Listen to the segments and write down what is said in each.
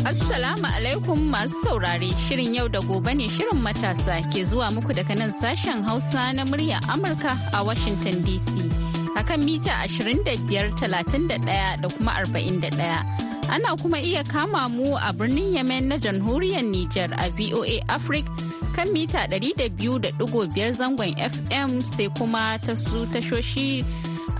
Assalamu alaikum masu saurare shirin yau da gobe ne shirin matasa ke zuwa muku daga nan sashen Hausa na murya Amurka a Washington DC. hakan mita 25,31 da kuma 41. Ana kuma iya kama mu a birnin Yemen na jamhuriyar Nijar a VOA Africa kan mita 200.5 zangon FM sai kuma su tashoshi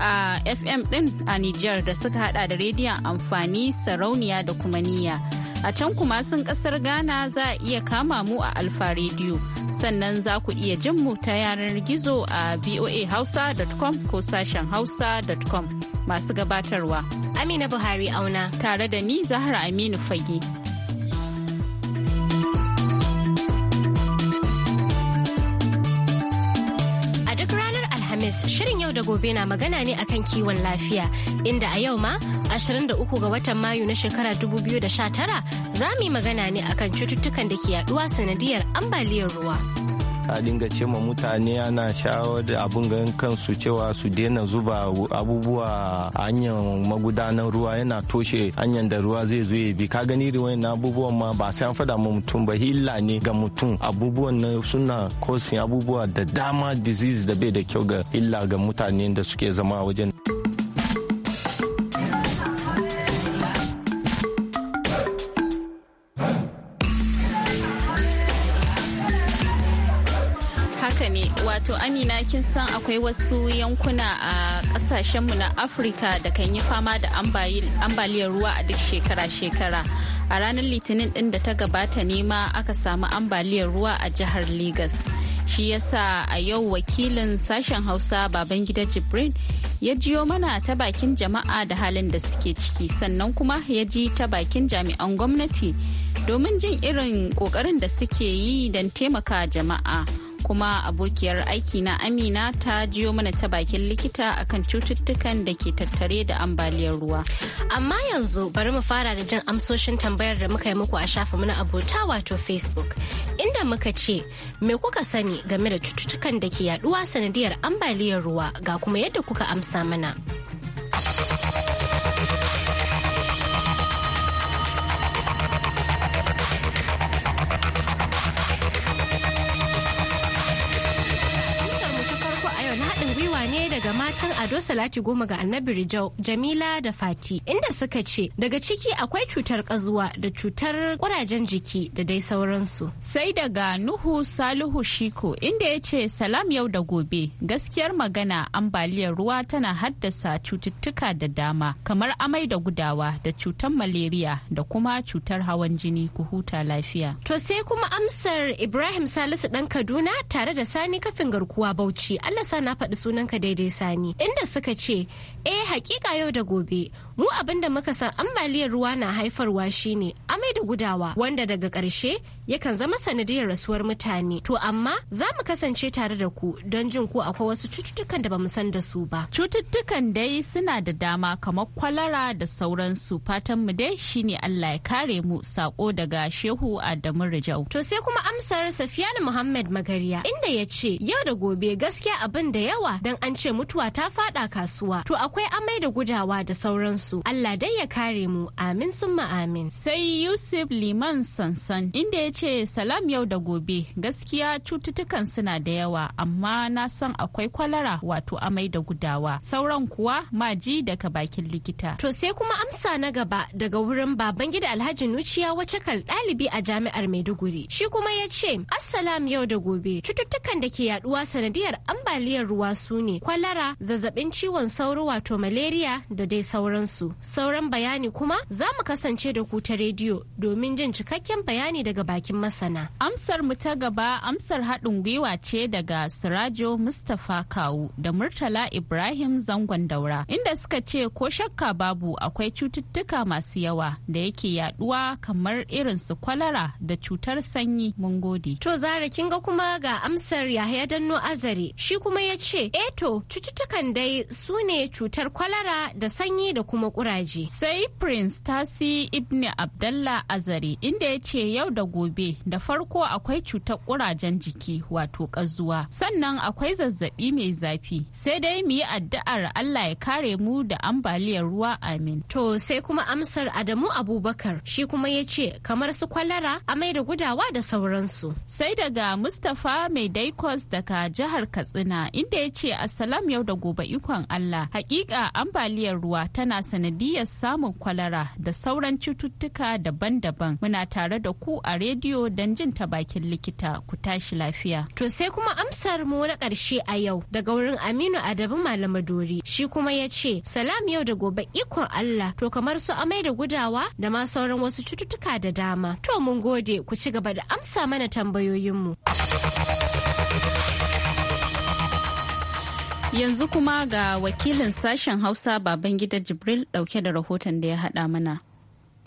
a FM din a Nijar da suka hada da rediyon amfani sarauniya da kuma niyya. A can kuma sun kasar Ghana za a iya kama mu a Alfa Radio. Sannan za ku iya jin mu ta yanar gizo a voahausa.com ko sashen hausa.com. Masu gabatarwa. Amina Buhari auna. Tare da ni Zahra Aminu Fage. a duk ranar alhamis Shirin yau da gobe na magana ne akan kiwon lafiya, inda a yau ma 23 ga watan Mayu na shekara 2019 za mu yi magana ne akan cututtukan da ke yaduwa sanadiyar ambaliyar ruwa. a dinga ce ma mutane ana shawar da abin gan kansu cewa su daina zuba abubuwa hanyar magudanar ruwa yana toshe hanyar da ruwa zai zo ya bi ka gani ruwan na abubuwan ma ba sai an fada ma mutum ba hila ne ga mutum abubuwan na suna kosin abubuwa da dama disease da bai da kyau ga illa ga mutane da suke zama a wajen haka ne wato amina kin san akwai wasu yankuna a kasashenmu na afirka da kan yi fama da ambaliyar ruwa a duk shekara-shekara a ranar litinin din da ta gabata ne ma aka samu ambaliyar ruwa a jihar Legas. shi yasa a yau wakilin sashen hausa baban gida jibrin ya jiyo mana ta bakin jama'a da halin da suke ciki sannan kuma ya ji ta bakin jami'an gwamnati domin jin irin kokarin da suke yi don taimaka jama'a kuma abokiyar aiki na amina ta jiyo mana ta bakin likita akan cututtukan da ke tattare da ambaliyar ruwa amma yanzu bari mu fara da jin amsoshin tambayar da muka yi muku a shafa mana abota wato facebook inda muka ce me kuka sani game da cututtukan da ke yaduwa sanadiyar ambaliyar ruwa ga kuma yadda kuka amsa mana matan Ado Salati Goma ga Annabi Rijau, Jamila da Fati, inda suka ce daga ciki akwai cutar kazuwa da cutar kurajen jiki da dai sauransu. Sai daga Nuhu Salihu Shiko inda ya ce salam yau da gobe gaskiyar magana ambaliyar ruwa tana haddasa cututtuka da dama kamar amai da gudawa da cutar maleriya da kuma cutar hawan jini ku huta lafiya. To sai kuma amsar Ibrahim Salisu ɗan Kaduna tare da Sani kafin garkuwa Bauchi. Allah sa na faɗi sunanka daidai Sani. inda suka ce eh hakika yau da gobe mu abin da muka san ambaliyar ruwa na haifarwa shine amai da gudawa wanda daga ƙarshe yakan zama sanadiyar rasuwar mutane to amma za mu kasance tare da ku don jin ku akwai wasu cututtukan da bamu san da su ba cututtukan dai suna da dama kamar kwalara da sauransu fatan mu dai shine Allah ya kare mu sako daga Shehu Adamu Rijau to sai kuma amsar Safiyan Muhammad Magariya inda ya ce yau da gobe gaskiya abin da yawa dan an ce mutuwa ta fada kasuwa to akwai amai da gudawa da sauransu su Allah dai ya kare mu amin sun amin sai Yusuf Liman Sansan inda ya ce salam yau da gobe gaskiya cututtukan suna da yawa amma na san akwai kwalara wato amai da gudawa sauran kuwa maji daga bakin likita to sai kuma amsa na gaba daga wurin baban gida Alhaji Nuciya wace kal ɗalibi a jami'ar Maiduguri shi kuma ya ce assalam yau da gobe cututtukan da ke yaduwa sanadiyar ambaliyar ruwa su ne kwalara zazzabin ciwon sauro wato malaria da dai sauransu su Sauran bayani kuma za mu kasance da ku ta rediyo domin jin cikakken bayani daga bakin masana. Amsar mu ta gaba amsar haɗin gwiwa ce daga Sirajo Mustapha Kawu da Murtala Ibrahim Zangon Daura inda suka ce ko shakka babu akwai cututtuka masu yawa da yake yaduwa kamar irin su kwalara da cutar sanyi mun gode. To zara kin ga kuma ga amsar Yahaya Danno Azare shi kuma ya ce eto eh cututtukan dai su ne cutar kwalara da sanyi da kuma kuma kuraje. Sai Prince Tasi Ibn Abdallah Azari inda ya ce yau da gobe da farko akwai cutar kurajen jiki wato kazuwa sannan akwai zazzabi mai zafi sai dai mu yi addu'ar Allah ya kare mu da ambaliyar ruwa amin. To sai kuma amsar Adamu Abubakar shi kuma ya ce kamar su kwalara amai da gudawa da sauransu. Sai daga Mustapha mai daikos daga jihar Katsina inda ya ce assalam yau da gobe ikon Allah hakika ambaliyar ruwa tana sanadiyar samun kwalara da sauran cututtuka daban-daban muna tare da ku a rediyo don jin ta bakin likita ku tashi lafiya. To sai kuma amsar mu na ƙarshe a yau daga wurin Aminu Adabu dori shi kuma ya ce salam yau da gobe ikon Allah to kamar su amai da gudawa da ma sauran wasu cututtuka da dama. To mun gode ku ci gaba da amsa mana tambayoyinmu. Yanzu kuma ga wakilin sashen Hausa baban gida Jibril dauke da rahoton da ya haɗa mana.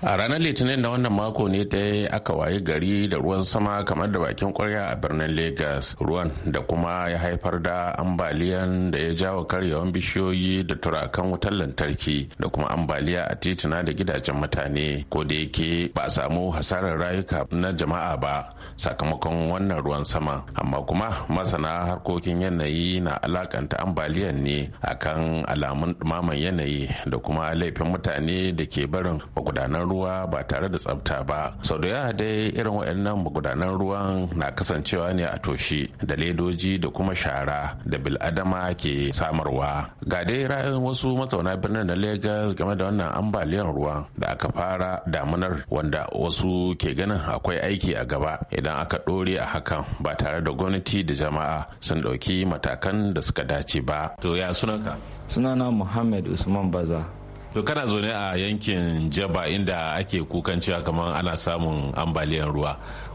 a ranar litinin da wannan mako ne ta aka waye gari da ruwan sama kamar da bakin kwarya a birnin lagos ruwan da kuma ya haifar da ambaliyan da ya jawo karyawan bishiyoyi da turakan wutar lantarki da kuma ambaliya a titina da gidajen mutane ko da yake ba a samu hasarar rayuka na jama'a ba sakamakon wannan ruwan sama amma kuma masana harkokin yanayi na alakanta ambaliyar ne akan alamun dumaman yanayi da kuma laifin mutane da ke barin magudanan ruwa ba tare da tsafta ba sau da yawa dai irin waɗannan magudanan ruwan na kasancewa ne a toshi da ledoji da kuma shara da biladama ke samarwa ga dai ra'ayin wasu mazauna birnin na lagos game da wannan ambaliyar ruwa da aka fara damunar wanda wasu ke ganin akwai aiki a gaba idan aka ɗore a hakan ba tare da gwamnati da jama'a sun ɗauki matakan da suka dace ba to ya sunanka sunana muhammad usman baza to kana zaune a yankin jaba inda ake kukan cewa kamar ana samun ambaliyar ruwa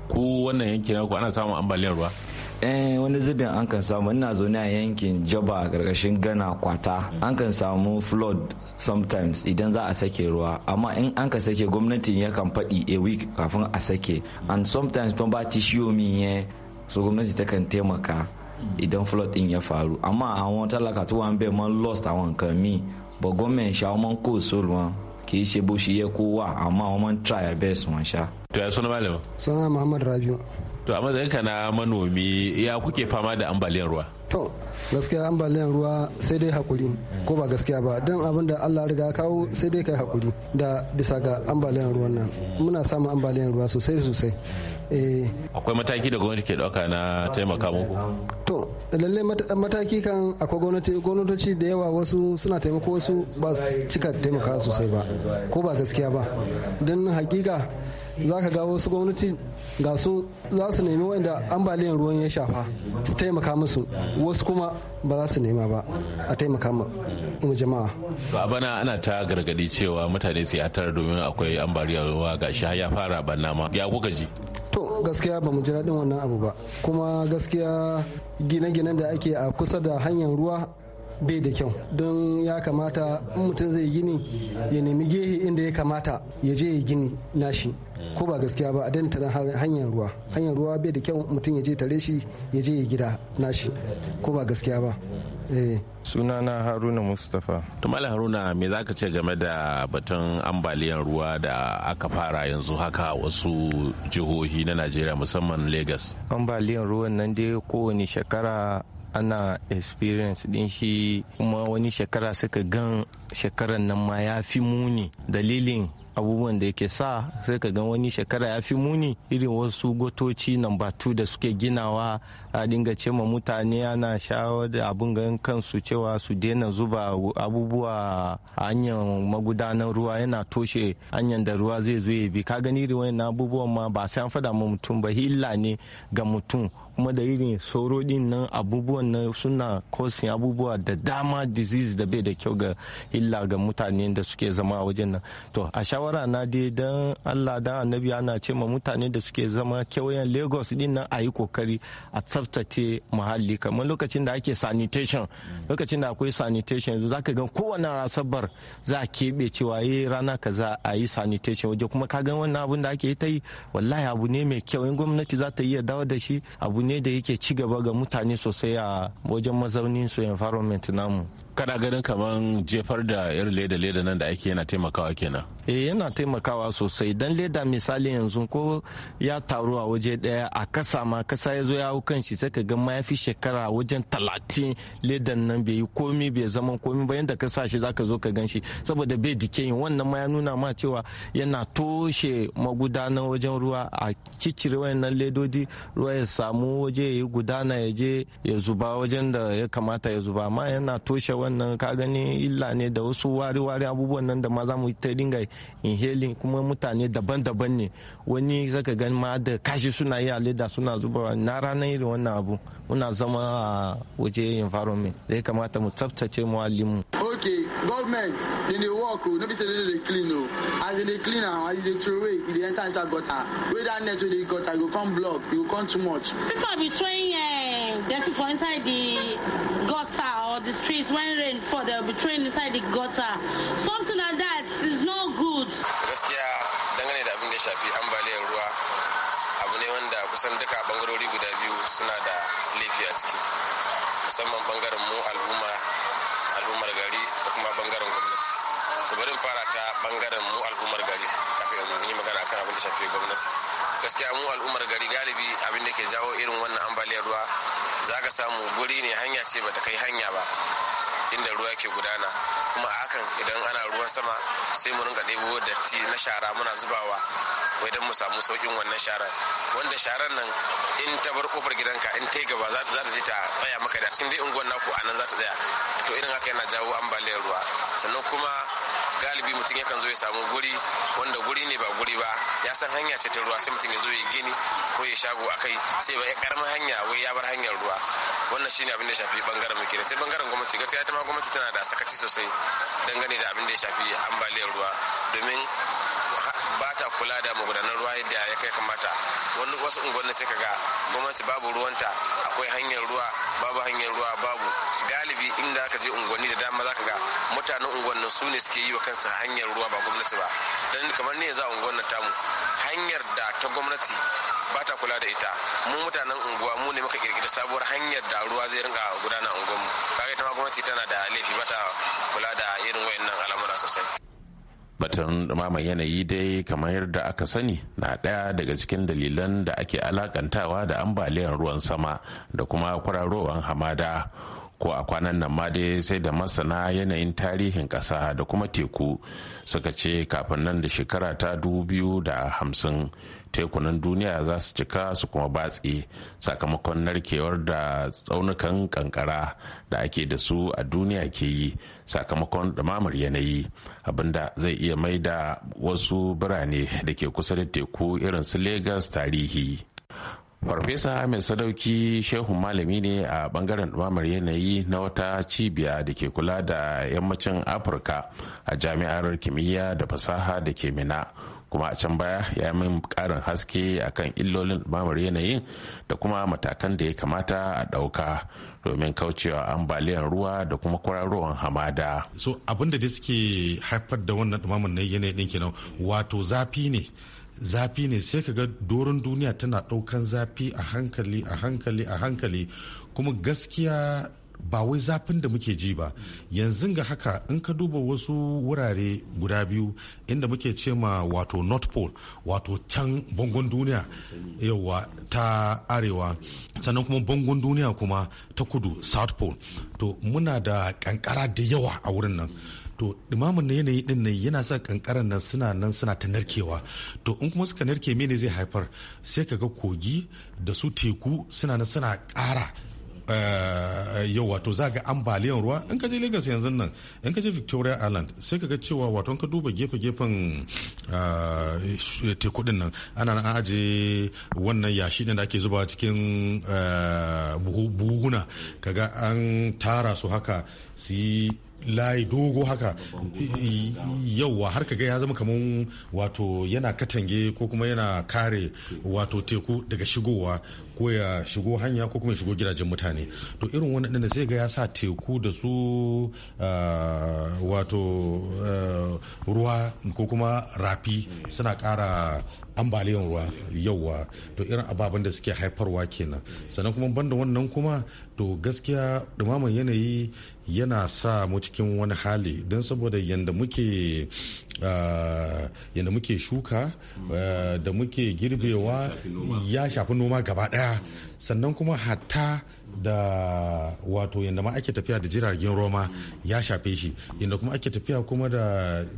ku wannan yankin ku ana samun ambaliyar ruwa eh wani zubin an kan samu ina zaune a yankin jaba a karkashin gana kwata an kan samu flood sometimes idan za a sake ruwa amma in an ka sake gwamnatin kan faɗi a week kafin a sake and sometimes don ba tishiyo min ye so gwamnati ta kan taimaka idan flood din ya faru amma àwọn talaka to wani ń man lost àwọn kan míì but gwamnati sha wọn kò ko wọn kì í ṣe bó ṣe yẹ kó wà àmọ́ àwọn máa try their best wọn sha. tó yà sọ́nà báyìí rabiu. to a matsayinka na manomi ya kuke fama da ambaliyar ruwa to gaskiya ambaliyar ruwa sai dai hakuri ko ba gaskiya ba don abin da allah riga kawo sai dai kai hakuri da bisa ga ambaliyar ruwan nan muna samun ambaliyar ruwa sosai sosai eh. akwai mataki da gwamnati ke dauka na taimaka muku to lallai mataki kan akwai gwamnati gwamnatoci da yawa wasu suna taimako wasu ba su cika taimaka sosai ba ko ba gaskiya ba don hakika za ka ga wasu gwamnati ga su za su nemi wanda ambaliyan ruwan ya shafa su taimaka musu wasu kuma ba za su nema ba a taimaka mu jama'a. a bana ana ta gargadi cewa mutane su tara domin akwai ambaliyar ruwa ga shi ya fara banna ma ya kuka ji. to gaskiya ba mu ji daɗin wannan abu ba kuma gaskiya gine-ginen da ake a kusa da hanyar ruwa bai da kyau don ya kamata in mutum zai gini ya nemi gehe inda ya kamata ya je ya gini nashi ko ba gaskiya ba a danta hanyar ruwa hanyar ruwa bai da kyau mutum ya je tare shi ya je ya gida nashi ko ba gaskiya ba eh. suna na haruna mustapha tumala haruna me za ka ce game da batun ambaliyar ruwa da aka fara yanzu haka wasu jihohi na najeriya musamman lagos ambaliyar ruwan nan dai kowane shekara ana experience din shi kuma wani shekara suka gan shekaran nan ma ya fi muni dalilin abubuwan da yake sa sai ka ga wani shekara ya fi muni irin wasu gotoci nan batu da suke ginawa a dinga ce ma mutane ana shawar abin gan kansu cewa su daina zuba abubuwa a hanyar magudanar ruwa yana toshe hanyar da ruwa zai zo ya bi ka gani irin wani abubuwan ma ba sai an faɗa ma mutum ba hilla ne ga mutum kuma da irin sauro din nan abubuwan nan suna kosin abubuwa da dama disease da bai da kyau ga illa ga mutane da suke zama a wajen nan to a shawar shawara na dai don allah dan annabi ana ce ma mutane da suke zama kewayen lagos din nan a kokari a tsaftace muhalli kamar lokacin da ake sanitation lokacin da akwai sanitation yanzu zaka ga kowanne rasabar za a keɓe cewa yi eh, rana kaza a yi sanitation waje kuma ka ga wannan abun da ake ta yi wallahi abu ne mai kyau in gwamnati za ta iya dawo da shi abu ne da yake ci gaba ga mutane sosai a wajen mazaunin su environment namu kana ganin kamar jefar da irin leda-leda nan da ake yana taimakawa kenan eh yana taimakawa sosai dan leda misali yanzu ko ya taru a waje daya a kasa ma kasa ya zo ya hau kan shi sai ka gan ma ya fi shekara wajen talatin ledan nan bai yi komi bai zama komi ba yadda ka sa shi zaka zo ka gan shi saboda bai dike yin wannan ma ya nuna ma cewa yana toshe magudanar wajen ruwa a cicire wayannan ledodi ruwa ya samu waje ya yi gudana ya je ya zuba wajen da ya kamata ya zuba amma yana toshe wannan ka gani illa ne da wasu wari-wari abubuwan nan da ma za mu ta dinga inhaling kuma mutane daban-daban ne wani zaka gani ma da kashi suna yi a leda suna zuba na ranar irin wannan abu muna zama a waje environment zai kamata mu tsaftace muhallinmu. ok government dey dey work o no be say dey clean o as dey clean am as dey throw away e enter inside gutter wey net wey dey gutter e go come block e go come too much. people be throwing uh, dirty for inside the gutter or the street when rain fall they'll be thrown inside the gutter something like that is no good gaskiya dangane da abin da shafi ambaliyar ruwa abu ne wanda kusan duka bangarori guda biyu suna da laifi a ciki musamman bangaren mu al'umma al'ummar gari da kuma bangaren gwamnati to bari fara ta bangaren mu al'ummar gari kafin yi magana kan abin da shafi gwamnati gaskiya mu al'ummar gari galibi abin da ke jawo irin wannan ambaliyar ruwa za ka samu guri ne hanya ce bata kai hanya ba inda ruwa ke gudana kuma a hakan idan ana ruwan sama sai mu ringa debo datti na shara muna zubawa wai dan mu samu saukin wannan sharar wanda sharar nan in ta bar kofar gidanka in ta gaba za ta je ta tsaya maka da cikin dai unguwar naku a nan za ta tsaya to irin haka yana jawo ambaliyar ruwa sannan kuma galibi mutum yakan zo ya samu guri wanda guri ne ba guri ba ya san hanya ce ta ruwa sai mutum ya zo ya gini ko ya shago a kai sai ba ya karamin hanya wai ya bar hanyar ruwa wannan shine abin da shafi bangaren muke da sai bangaren gwamnati gaskiya ita ma gwamnati tana da sakaci sosai dangane da abin da ya shafi ambaliyar ruwa domin ba ta kula da magudanar ruwa yadda ya kai kamata wani wasu unguwanni sai ga gwamnati babu ruwanta akwai hanyar ruwa babu hanyar ruwa babu galibi inda aka je unguwanni da dama zaka ga mutanen unguwannin su ne suke yi wa kansu hanyar ruwa ba gwamnati ba dan kamar ne za unguwannin tamu hanyar da ta gwamnati ba ta kula da ita mu mutanen unguwa mu ne muka kirkiri sabuwar hanyar da ruwa zai ringa gudana unguwanmu kaga ita ma gwamnati tana da laifi ba ta kula da irin wayannan al'amura sosai batun dumama yanayi dai kamar yadda aka sani na ɗaya daga cikin dalilan da ake alakantawa da ambaliyar ruwan sama da kuma kwararowar hamada ko a kwanan nan ma dai sai da masana yanayin tarihin ƙasa da kuma teku suka ce kafin nan da shekara ta dubu biyu da hamsin tekunan duniya za su cika su kuma batse sakamakon narkewar da tsaunukan kankara da ake da su a duniya ke yi sakamakon ɗumamar yanayi abinda zai iya mai da wasu birane da ke kusa da teku irin su lagos tarihi farfesa mai sadauki shehu malami ne a bangaren ɗumamar yanayi na wata cibiya da ke kula da yammacin afirka a jami'ar kimiyya da fasaha da ke mina kuma a can baya ya min karin haske akan illolin ɗumamar yanayin da kuma matakan da ya kamata a ɗauka domin kaucewa ambaliyar ruwa da kuma kwararowar hamada. so abinda da suke haifar da wannan ɗumamar yanayi ɗin kenan wato zafi ne zafi ne sai ka ga doron duniya tana ɗaukan zafi a hankali a hankali a hankali kuma gaskiya ba wai zafin da muke ji ba yanzu ga haka in ka duba wasu wurare guda biyu inda muke ce ma wato north pole wato can bangon duniya yawa ta arewa sannan kuma bangon duniya kuma ta kudu south pole to muna da kankara da yawa a wurin nan to dimamin na yanayi din nan yana sa kankaran nan suna nan suna ta narkewa to in kuma suka narke mene zai haifar sai ka ga kogi da su teku suna nan suna kara. Eh, yau wato za ga ambaliyan ruwa in ka je Lagos yanzu nan in ka je Victoria Island sai ka ga cewa wato ka duba gefe-gefen eh, teku din nan ana an aje wannan yashi da ake zuba cikin eh, buhuna kaga an tara su haka su yi layi dogo haka yauwa har ga ya zama kamar wato yana katange ko kuma yana kare wato teku daga shigowa ko ya shigo hanya ko kuma ya shigo gidajen mutane to irin wani da zai ga ya sa teku da su ah, wato ah, ruwa ko kuma rafi suna kara ambaliyan ruwa yauwa to irin ababen da suke haifarwa kenan sannan kuma banda wannan kuma to gaskiya dumaman yanayi yana sa mu cikin wani hali don saboda yadda muke ah, yadda muke shuka ah, da muke girbewa ya shafi noma gaba daya sannan kuma hatta da wato yadda ma ake tafiya da jiragen roma ya shafe shi yadda kuma ake tafiya kuma da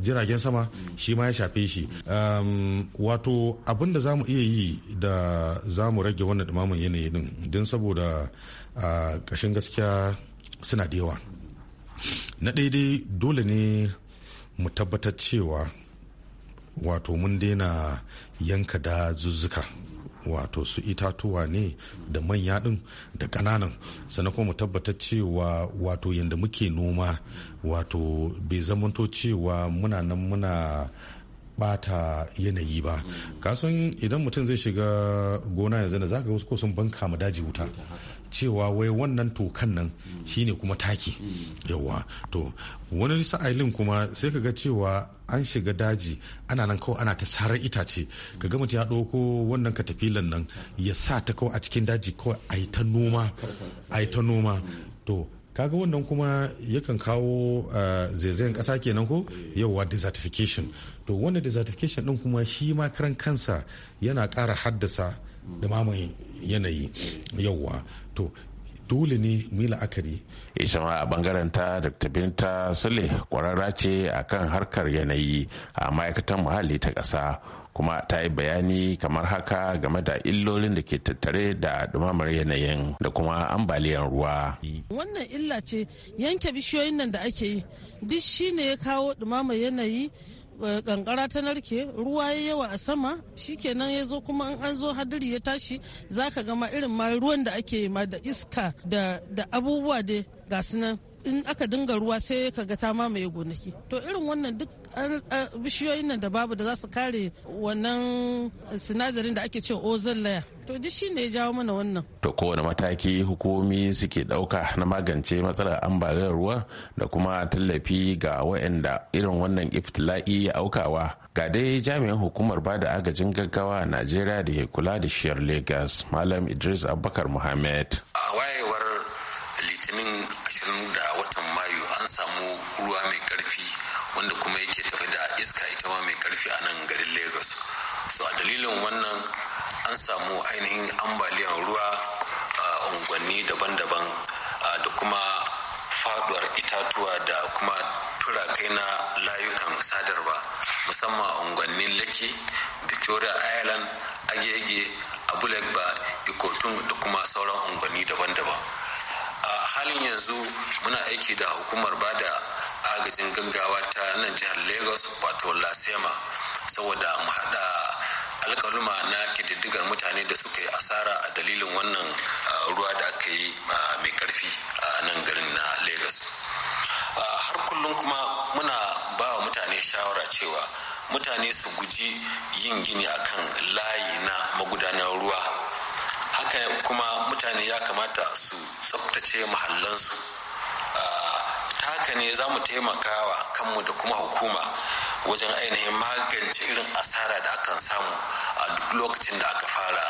jiragen sama shi ma ya shafe shi wato abin da za mu iya yi da za mu rage wannan dumamin yanayi din don saboda a ah, gaskiya suna da yawa na daidai dole ne mu tabbatar cewa wato mun daina yanka da zuzzuka wato su itatuwa ne da manya din da ƙananan sannan kuma mu tabbatar cewa wato yadda muke noma wato bai zamanto cewa muna nan muna bata yanayi ba kasan idan mutum zai shiga gona yanzu da zaka wasu ko banka ma daji wuta cewa wai wannan tokan nan shine kuma taki yawa to wani sa'ailin kuma sai ka ga cewa an shiga daji ana nan kawai ana ta sarar itace ka ga mutum ya ɗauko wannan katafilan nan ya sa ta kawai a cikin daji kawai a yi ta noma a yi ta noma to kaga wannan kuma yakan kawo eh, zaizayen ƙasa kenan ko wa desertification to wannan desertification ɗin kuma shi ma karan kansa yana ƙara haddasa dumaman yanayi yauwa to dole ne mu yi la'akari. ita eh, ma a bangaren ta dr binta sule kwararra ce akan harkar yanayi a ma'aikatan muhalli ta ƙasa kuma ta yi bayani kamar haka game da illolin da ke tattare da dumamar yanayin da kuma ambaliyar ruwa. wannan illa ce yanke bishiyoyin nan da ake yi duk shine ya kawo dumamar yanayi kankara eh, ta narke ruwa ya yawa a sama shi shikenan ya zo kuma an an zo hadiri ya tashi za ka gama irin ma ruwan da ake ma da iska da abubuwa da gasu nan in aka dinga ruwa sai ka ga ta mamaye gonaki to irin wannan duk bishiyoyin nan da babu da za su kare wannan sinadarin da ake ce ozon layer to duk shi ne ya jawo mana wannan to kowane mataki hukumi suke dauka na magance matsalar ambaliyar ruwa da kuma tallafi ga waɗanda irin wannan iftila'i ya aukawa ga dai jami'in hukumar bada agajin gaggawa a najeriya da ke kula da shiyar lagos malam idris abubakar muhammad a wayewar litinin 20 da watan mayu an samu ruwa mai karfi wanda kuma ya zama mai karfi a nan garin lagos so a dalilin wannan an samu ainihin ambaliyar ruwa a unguwanni daban-daban da kuma faduwar itatuwa da kuma turakai na layukan sadarwa musamman a unguwannin laki victoria ireland agege ba ikotun da kuma sauran unguwanni daban-daban a halin yanzu muna aiki da hukumar bada agajin gaggawa ta nan jihar lagos wato lasema saboda mu hada alkaluma na kididdigar mutane da suka yi asara a dalilin wannan ruwa da aka yi mai karfi a nan garin na lagos har kullum kuma muna ba wa mutane shawara cewa mutane su guji yin gini akan layi na magudanar ruwa haka kuma mutane ya kamata su tsabtace mahallansu ta haka ne za mu taimaka wa kanmu da kuma hukuma wajen ainihin magance irin asara da akan samu a duk lokacin da aka fara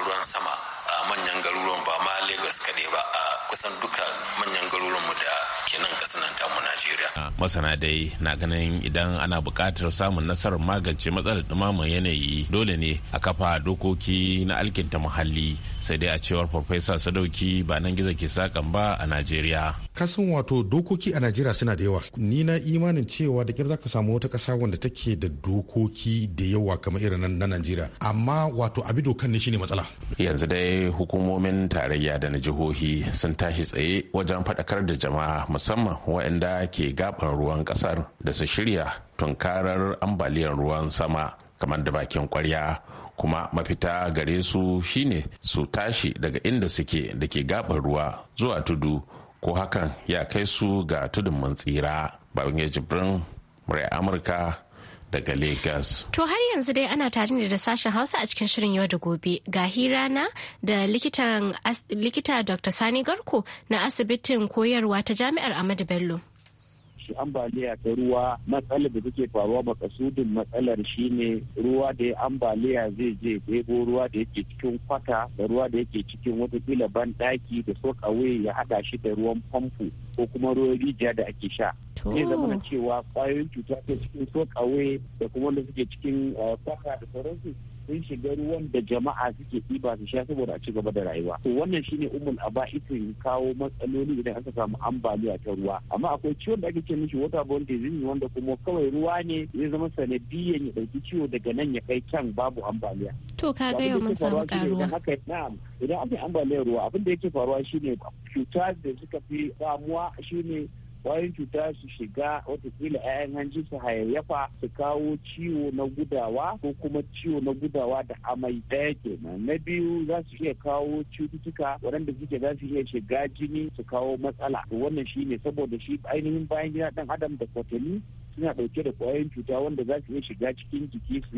ruwan sama a manyan garuruwan ba ma lagos kaɗai ba a kusan duka manyan garuruwanmu da ke nan kasu nan tamu najeriya masana dai na ganin idan ana buƙatar samun nasarar magance matsalar ɗumamar yanayi dole ne a kafa dokoki na alkinta muhalli sai dai a cewar farfesa sadauki ba nan gizo ke sakan ba a najeriya kasan wato dokoki a najeriya suna da yawa ni na imanin cewa da kyar zaka samu wata ƙasa wanda take da dokoki da yawa kamar irin na najeriya amma wato abi dokan ne shine matsala yanzu dai hukumomin tarayya da na jihohi sun tashi tsaye wajen faɗakar da jama'a musamman waɗanda ke gaban ruwan ƙasar da su shirya tunkarar ambaliyar ruwan sama kamar da bakin kwarya kuma mafita gare su shine su tashi daga inda suke da ke gabar ruwa zuwa tudu ko hakan ya kai su ga tudun mun tsira babin jibrin murai amurka daga Legas. To har yanzu dai ana tare ne da sashen Hausa a cikin shirin yau da gobe ga hira na da likita Dr. Sani Garko na asibitin koyarwa ta Jami'ar Ahmadu Bello. shi ambaliya ta ruwa matsalar da take faruwa makasudin matsalar shine ruwa da ya ambaliya zai je debo ruwa da yake cikin kwata da ruwa da yake cikin watakila ban banɗaki da sokawe ya haɗa shi da ruwan famfo ko kuma ruwan rijiya da ake sha. Zai zama cewa kwayoyin cuta ta cikin da kuma da suke cikin eh, kwata da sauransu sun shiga ruwan da jama'a suke ɗiba su sha saboda a ci gaba da rayuwa to wannan shine umul aba ikin kawo matsaloli idan aka samu ambaliya ta ruwa amma akwai ciwon da ake ce mishi waterborne disease wanda kuma kawai ruwa ne zai zama sanadiyan ya ɗauki ciwo daga nan ya kai can babu ambaliya to ka ga yau mun samu karuwa idan aka yi ambaliyar ruwa abin da yake faruwa shine cuta da suka fi damuwa shine kwayoyin cuta su shiga watakila 'ya'yan hanji su hayayyafa su kawo ciwo na gudawa ko kuma ciwo na gudawa da amai ɗaya kenan na biyu za su iya kawo cututtuka waɗanda suke za su iya shiga jini su kawo matsala to wannan ne saboda shi ainihin bayan gida ɗan adam da kwatanni suna ɗauke da kwayoyin cuta wanda za su iya shiga cikin jiki su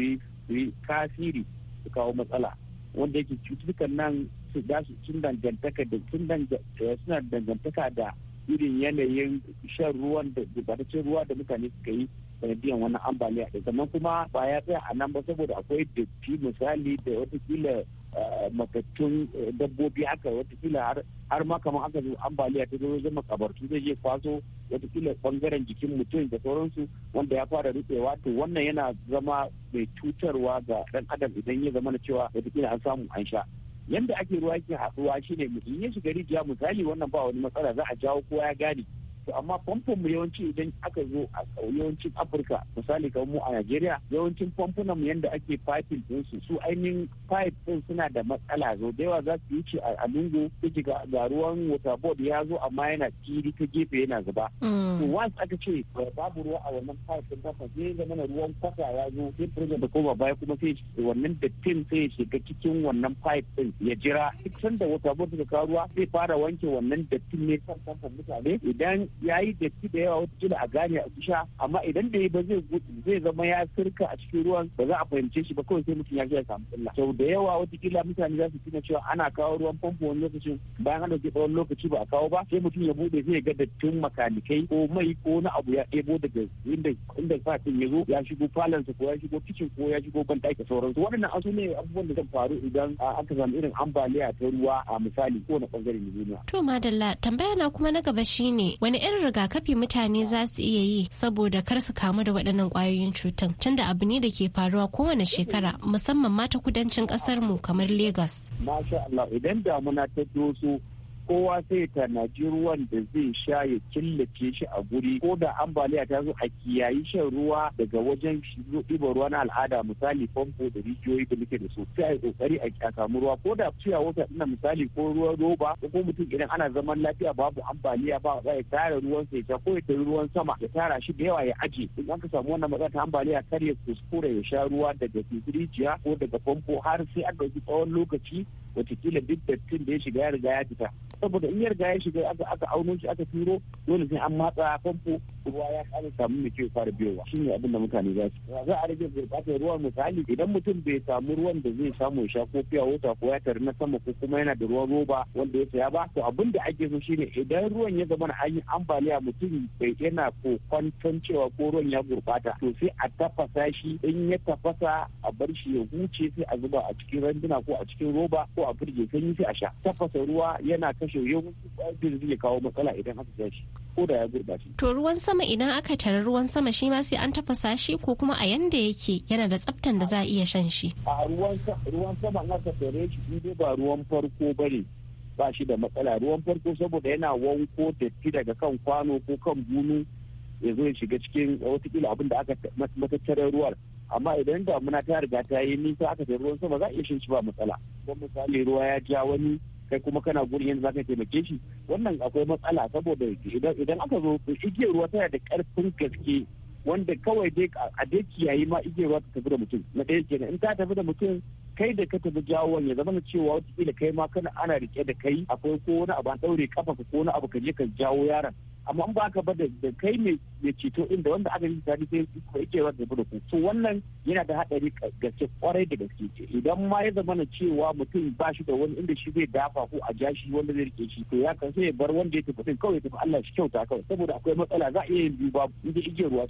yi tasiri su kawo matsala wanda yake cututtukan nan su sun eh, suna dangantaka da irin yanayin shan ruwan da gubataccen ruwa da mutane suka yi sanadiyan wannan ambaliya da zaman kuma ba ya tsaya a nan ba saboda akwai datti misali da watakila eh, makattun eh, dabbobi haka watakila har ma kamar aka zo ambaliya ta zo zama kabartu zai je kwaso watakila bangaren jikin mutum da sauransu wanda ya fara rufewa to wannan yana zama mai cutarwa ga dan adam idan ya zama na cewa watakila an samu an sha yanda ake ruwa ke haɗuwa shine mutum ya shiga rijiya misali wannan ba wani matsala za a jawo kowa ya gane to amma famfon mu yawanci idan aka zo a yawancin afirka misali kamar mu a nigeria yawancin famfunan mu yanda ake fafin din su ainihin pipe din suna da matsala zo da yawa za su yi ci a lungu take ga ruwan water board ya zo amma yana kiri ta gefe yana zuba mm. to once aka ce babu ruwa a wannan pipe din kafa sai ga mana ruwan kwata ya zo sai furga da koma baya kuma sai wannan dattin sai ya shiga cikin wannan pipe din ya jira duk sanda water board suka kawo ruwa sai fara wanke wannan dattin ne kan famfon mutane idan ya yi datti da yawa wata a gane a kusha amma idan da yi ba zai zai zama ya sirka a cikin ruwan ba za a fahimce shi ba kawai sai mutum ya shi ya samu illa sau da yawa wata kila mutane za su tuna cewa ana kawo ruwan famfo wani lokacin bayan hada ɗauki lokaci ba a kawo ba sai mutum ya bude zai ga dattin makanikai ko mai ko na abu ya ɗebo daga inda inda fatin ya zo ya shigo falansa ko ya shigo kicin ko ya shigo ban ɗaki sauransu waɗannan asu ne abubuwan da zan faru idan aka samu irin ambaliya ta ruwa a misali ko na ɓangare na duniya. to madalla tambaya na kuma na gaba shine wani irin rigakafi mutane za su iya yi saboda kar su kamu da waɗannan ƙwayoyin cutan tunda abu ne da ke faruwa kowane shekara musamman ma ta kudancin ƙasar mu kamar Legas. Masha Allah idan damuna ta doso kowa sai tanaji ruwan da zai sha ya killace shi a guri ko da ambaliya ta zo a kiyayi shan ruwa daga wajen ɗiban ruwa na al'ada misali famfo da rijiyoyi da muke da su sai a yi kokari a samu ruwa ko da ciya wata ina misali ko ruwan roba ko mutum idan ana zaman lafiya babu ambaliya ba ya tara ruwan sai ko ya tari ruwan sama ya tara shi da yawa ya aje in an ka samu wannan matsala ta ambaliya kar ya kuskura ya sha ruwa daga rijiya ko daga famfo har sai aka ɗauki tsawon lokaci watakila duk dattin da ya shiga ya riga ya fita saboda in ya riga ya shiga aka aka auno shi aka turo dole sai an matsa famfo ruwa ya kare samu mai kyau fara biyowa shi ne abin da mutane za su za a rage gurbatar ruwa misali idan mutum bai samu ruwan da zai samu ya sha ko fiya wuta ko ya tare na sama ko kuma yana da ruwan roba wanda ya saya ba to abin da ake so shine idan ruwan ya zama an yi ambaliya mutum bai yana ko kwanton cewa ko ruwan ya gurbata to sai a tafasa shi in ya tafasa a bar shi ya huce sai a zuba a cikin randuna ko a cikin roba ko a burge sanyi sai a sha tafasa ruwa yana kashe yawancin zai kawo matsala idan aka sha shi ko da ya gurɓace. to ruwan sama idan aka tara ruwan sama shi ma sai an tafasa shi ko kuma a yanda yake yana da tsaftan da za a iya shan shi. a ruwan sama aka tare shi in dai ba ruwan farko ba ne ba shi da matsala ruwan farko saboda yana wanko datti daga kan kwano ko kan bunu ya zo ya shiga cikin wata abin da aka matattarar ruwan amma idan damuna ta riga ta yi nisa aka tafi ruwan sama za a iya shan shi ba matsala don misali ruwa ya ja wani kai kuma kana guri yanzu ka taimake shi wannan akwai matsala saboda idan aka zo igiyar ruwa tana da karfin gaske wanda kawai dai a dai kiyaye ma igiyar ruwa ta tafi da mutum na ɗaya kenan in ta tafi da mutum kai da ka tafi wani ya zama cewa wataƙila kai ma kana ana rike da kai akwai ko wani abu an ɗaure kafa ko wani abu ka je ka jawo yaron amma in ba ba da kai mai ceto inda wanda aka yi tsari sai ko yake da ya ku to wannan yana da hadari gaske kwarai da gaske idan ma ya zama na cewa mutum ba shi da wani inda shi zai dafa ko a ja shi wanda zai rike shi to ya kan sai ya bar wanda ya tafi mutum kawai tafi Allah shi kyauta kawai saboda akwai matsala za a iya yin biyu babu inda igiyar ruwa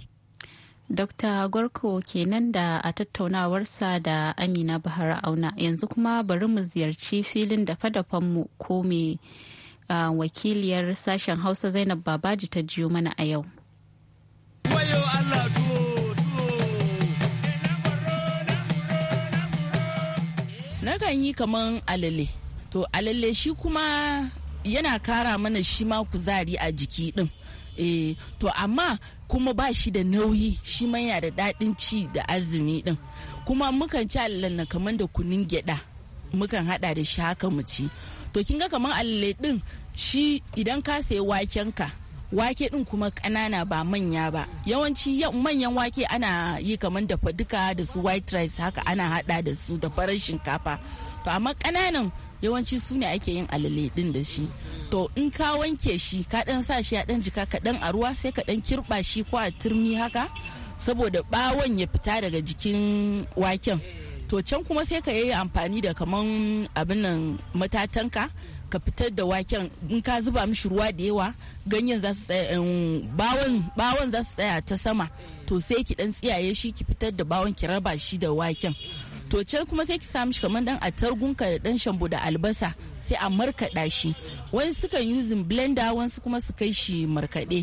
dokta Gorko kenan da a tattaunawarsa da Amina Bahar Auna yanzu kuma bari mu ziyarci filin da fadafanmu ko me wakiliyar sashen hausa zainab babaji ta jiyo mana a yau nakan yi kaman alale to alale shi kuma yana kara mana shi ma kuzari a jiki din e to amma kuma ba shi da nauyi shi yana da daɗin ci da azumi din kuma mukan ci alale na kaman da kunun gyada mukan hada da shi haka mu ci to kin ga kaman alale din shi idan ka sayi waken ka wake din kuma kanana ba manya ba yawanci manyan wake ana yi kaman dafa duka da su white rice haka ana hada da su da farar shinkafa to amma kananan yawanci su ne ake yin alale din da shi to in ka wanke shi ka dan sa shi a dan jika ka dan a ruwa sai ka dan kirba shi ko a turmi haka saboda bawon ya fita daga jikin waken to can kuma sai ka yi amfani da kaman abin nan matatanka ka fitar da waken in ka zuba mishi ruwa da yawa ganyen za su tsaya um, bawon za su tsaya ta sama to sai ki dan tsiyaye shi ki fitar da bawon ki raba shi da waken to can kuma sai ki samu shi kamar dan atargunka da dan shambo da albasa sai a markaɗa shi wani sukan using blender wasu kuma su kai shi markaɗe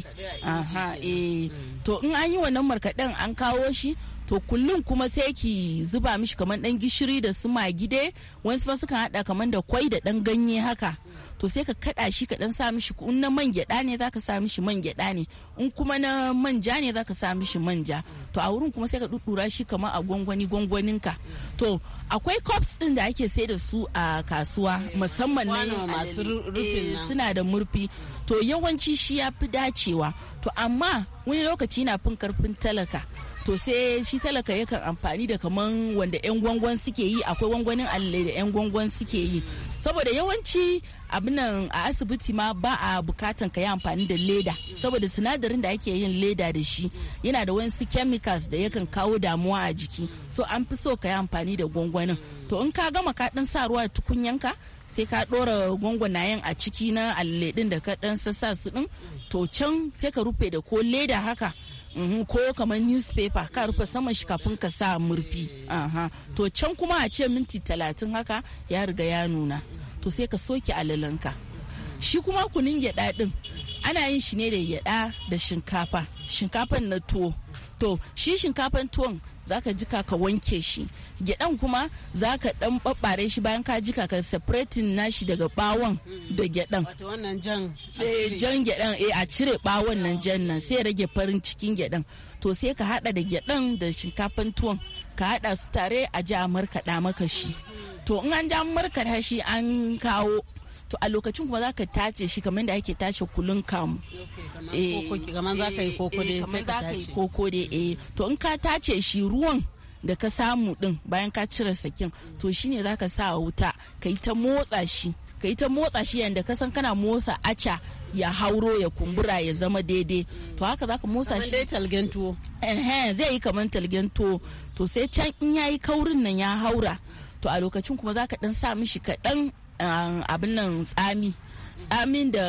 aha eh to in an yi wannan markaɗen an kawo shi to kullum kuma sai ki zuba mishi kamar dan gishiri da su magide wasu ma sukan hada kamar da kwai da dan ganye haka to sai ka kada shi ka dan sa mishi in na man gyada ne zaka sa mishi man gyada ne in kuma na manja ne zaka sa mishi manja to a wurin kuma sai ka dudura shi kamar a gwangwani gwangwanin ka to akwai cups din da ake sai da su a kasuwa eh, musamman na masu rufin eh, suna da murfi to yawanci shi ya fi dacewa to amma wani lokaci na fin karfin talaka to sai shi talaka yakan amfani da kaman wanda 'yan gwangwan suke yi akwai gwangwanin alle da 'yan gwangwan suke yi saboda yawanci abinan a asibiti ma ba a bukatan ka yi amfani da leda saboda sinadarin da ake yin leda da shi yana da wasu chemicals da yakan kawo damuwa a jiki so an fi so ka yi amfani da gwangwanin to in ka gama ka dan sa ruwa tukunyanka sai ka ɗora gwangwanayen a ciki na alle din da ka dan sassa su din to can sai ka rufe da ko leda haka Mhm, ko kamar newspaper ka rufe saman shi kafin ka sa murfi to can kuma a ce minti talatin haka ya riga ya nuna to sai ka soke alalanka shi kuma kunin gyada din ana yin shi ne da gyada da shinkafa shinkafan na tuwo to shi shinkafan tuwon za ka jika ka wanke shi gyaɗan kuma za ka ɗan ɓaɓɓare shi bayan ka jika ka separating nashi daga ɓawon mm. da gyaɗan eh, jan gyaɗan eh a cire ɓawon nan jan nan sai rage farin cikin gyaɗan to sai ka haɗa da gyaɗan da shinkafan tuwon ka haɗa su tare a ji a markaɗa maka shi mm. to in an ja markaɗa shi an kawo to a lokacin kuma zaka tace shi kamar da ake tace kulun kamu kamar za ka yi koko dai eh, sai ka tace koko dai eh to in ka tace shi ruwan da ka samu din bayan ka cire sakin to shine zaka sa wuta ka yi ta motsa shi ka yi ta motsa shi yadda ka san kana motsa aca ya hauro ya kumbura ya zama daidai to haka zaka motsa shi dai talgen tuwo zai yi kamar talgen tuwo to sai can in yayi kaurin nan ya haura to a lokacin kuma zaka dan sa mishi kadan abin nan tsami tsamin da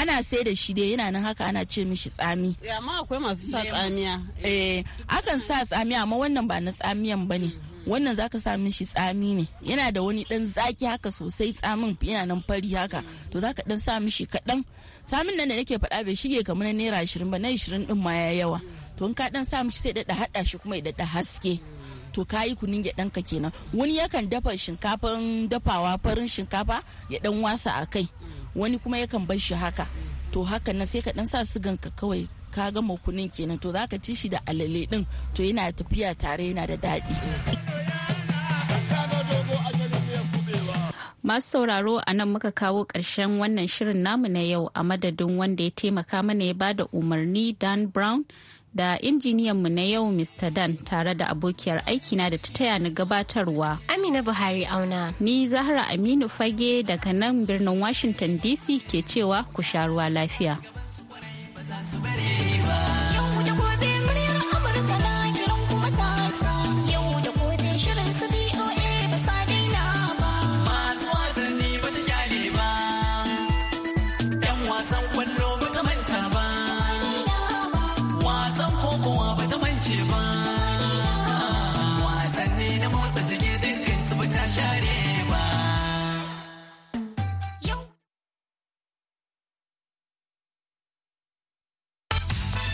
ana sai da shi dai yana nan haka ana ce mishi tsami. Eh, amma akwai masu sa tsamiya. Eh, akan sa tsamiya amma wannan ba na tsamiyan ba ne. Mhm. Wannan za ka sa mishi tsami ne. Yana da wani dan zaki haka sosai tsamin yana nan fari haka. Mhm. To za ka dan sa mishi kaɗan. Tsamin nan da nake faɗa bai shige kamar na naira ashirin ba na ashirin ɗin ma ya yawa. Mhm. To in ka dan sa mishi sai daɗa haɗa shi kuma ya daɗa haske. to ka yi kunin gyaɗan ka kenan wani yakan dafa shinkafan dafawa farin shinkafa ya ɗan wasa a kai wani kuma yakan bar shi haka to haka na sai ka ɗan sa sigan ka kawai ka gama kunin kenan to zaka ci shi da alale ɗin to yana tafiya tare yana da daɗi. Masu sauraro a nan muka kawo ƙarshen wannan shirin namu na yau a madadin wanda ya taimaka mana ya bada umarni Dan Brown da injiniyan mu na yau Mr. Dan tare da abokiyar aikina da ta taya ni gabatarwa. Amina Buhari auna. Ni Zahra Aminu Fage daga nan birnin Washington DC ke cewa ku sha ruwa lafiya.